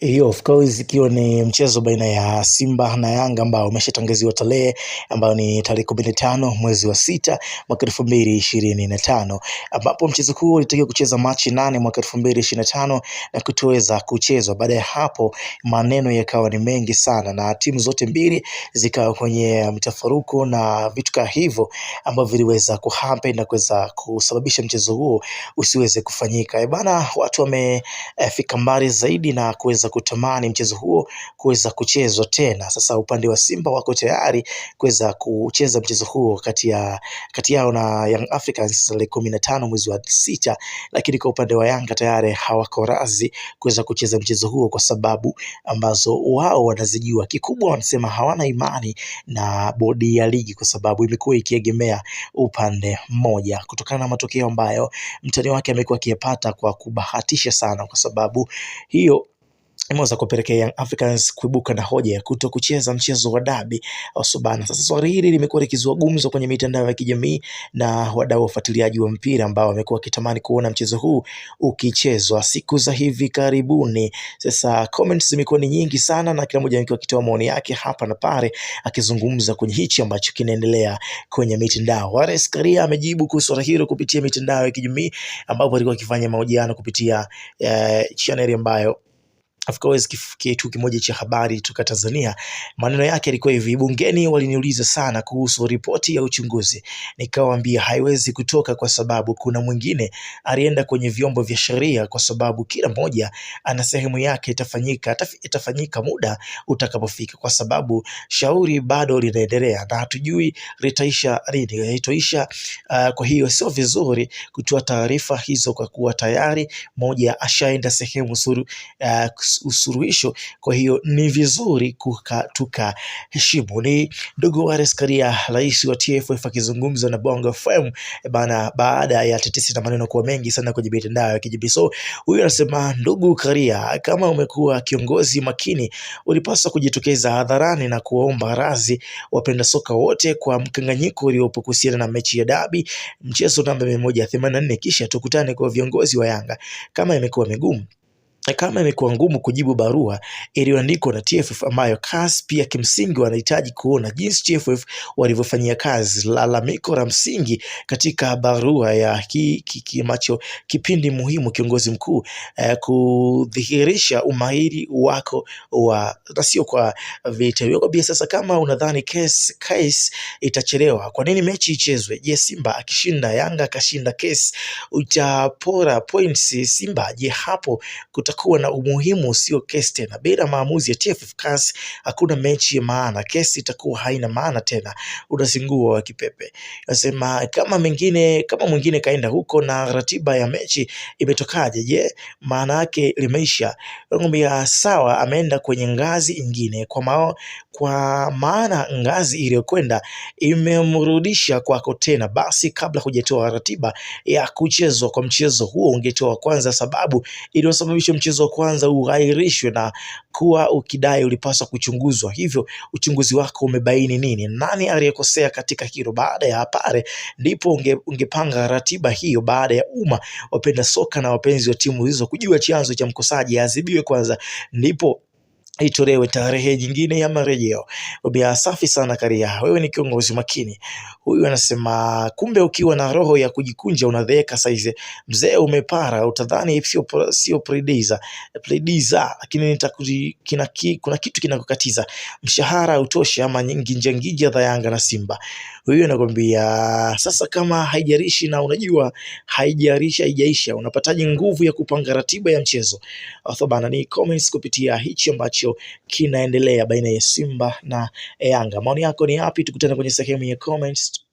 hiyo eh, of course ikiwa ni mchezo baina ya Simba na Yanga ambao umeshatangaziwa tarehe ambayo ni tarehe kumi na tano mwezi wa sita mwaka elfu mbili ishirini na tano ambapo mchezo huo ulitakiwa kucheza Machi nane mwaka elfu mbili ishirini na tano na kutoweza kuchezwa. Baada ya hapo, maneno yakawa ni mengi sana na timu zote mbili zikawa kwenye mtafaruku na vitu kama hivyo ambavyo viliweza kuhampe na kuweza kusababisha mchezo huo usiweze kufanyika. E bana, watu wamefika mbali zaidi na kuweza kuweza kutamani mchezo huo kuweza kuchezwa tena. Sasa upande wa Simba wako tayari kuweza kucheza mchezo huo kati ya kati yao na Young Africans tarehe kumi na tano mwezi wa sita, lakini kwa upande wa Yanga tayari hawako razi kuweza kucheza mchezo huo kwa sababu ambazo wao wanazijua. Kikubwa wanasema hawana imani na bodi ya ligi kwa sababu imekuwa ikiegemea upande mmoja kutokana na matokeo ambayo mtani wake amekuwa akiyapata kwa kubahatisha sana, kwa sababu hiyo imeweza kupelekea Young Africans kuibuka na hoja ya kuto kucheza mchezo wa dabi wasubana. Oh, sasa swali hili limekuwa likizua gumzo kwenye mitandao ya kijamii na wadau wafuatiliaji wa mpira ambao wamekuwa wakitamani kuona mchezo huu ukichezwa siku za hivi karibuni. Sasa comments zimekuwa ni nyingi sana, na kila mmoja akitoa maoni yake hapa na pale, akizungumza kwenye hichi ambacho kinaendelea kwenye mitandao. Wallace Karia amejibu kuhusu hilo kupitia mitandao ya kijamii ambapo alikuwa akifanya mahojiano kupitia eh, chaneli ambayo Afrikaweza kitu kimoja cha habari toka Tanzania. Maneno yake yalikuwa hivi: bungeni waliniuliza sana kuhusu ripoti ya uchunguzi, nikawaambia haiwezi kutoka kwa sababu kuna mwingine alienda kwenye vyombo vya sheria, kwa sababu kila mmoja ana sehemu yake, itafanyika itafanyika muda utakapofika, kwa sababu shauri bado linaendelea na hatujui litaisha lini, Uh, kwa hiyo sio vizuri kutoa taarifa hizo, kwa kuwa tayari moja ashaenda sehemu suru, uh, usuluhisho. Kwa hiyo ni vizuri tukaheshimu. Ni ndugu Wallace Karia, rais wa TFF akizungumza na Bongo FM eh, bana, baada ya tetesi na maneno kuwa mengi sana kwenye mitandao ya kijamii. So huyu anasema, ndugu Karia, kama umekuwa kiongozi makini, ulipaswa kujitokeza hadharani na kuwaomba radhi wapenda soka wote kwa mkanganyiko uliopo kuhusiana na mechi ya dabi mchezo namba mia moja themanini na nne kisha tukutane kwa viongozi wa Yanga kama imekuwa migumu na kama imekuwa ngumu kujibu barua iliyoandikwa na TFF ambayo CAS pia kimsingi wanahitaji kuona jinsi TFF walivyofanyia kazi lalamiko la msingi katika barua ya ki, ki, ki, macho kipindi muhimu kiongozi mkuu eh, kudhihirisha umahiri wako wa na sio kwa vita pia. Sasa kama unadhani case, case itachelewa, kwa nini mechi ichezwe? Je, Simba akishinda Yanga akashinda case utapora points Simba? Je, hapo kuta kuwa na umuhimu usio kesi tena. Bila maamuzi ya TFF CAS hakuna mechi ya maana, kesi itakuwa haina maana tena, utazingua wa kipepe. Nasema kama mengine kama mwingine kaenda huko na ratiba ya mechi imetokaje? Je, maana yake limeisha? Nakwambia sawa, ameenda kwenye ngazi ingine kwa mao, kwa maana ngazi iliyokwenda imemrudisha kwako tena. Basi kabla hujatoa ratiba ya kuchezwa kwa mchezo huo, ungetoa kwanza sababu iliyosababisha mchezo mchezo wa kwanza ughairishwe na kuwa ukidai ulipaswa kuchunguzwa, hivyo uchunguzi wako umebaini nini, nani aliyekosea katika hilo. Baada ya Hapare ndipo unge, ungepanga ratiba hiyo baada ya umma, wapenda soka na wapenzi wa timu hizo kujua chanzo cha mkosaji aadhibiwe kwanza, ndipo itolewe tarehe nyingine ya marejeo. Safi sana Karia, wewe ni kiongozi makini. Huyu anasema kumbe ukiwa na roho ya kujikunja unadheeka saizi. Mzee umepara, utadhani sio sio prediza prediza, lakini kuna, kuna kitu kinakukatiza. Mshahara utoshi ama nyingi nginja za Yanga na Simba. Huyu anakwambia sasa, kama haijarishi na unajua haijarishi haijaisha, unapataje nguvu ya kupanga ratiba ya mchezo? Bana, ni comments kupitia hichi ambacho ambacho kinaendelea baina ya Simba na eh, Yanga. Maoni yako ni yapi? Tukutane kwenye sehemu ya comments.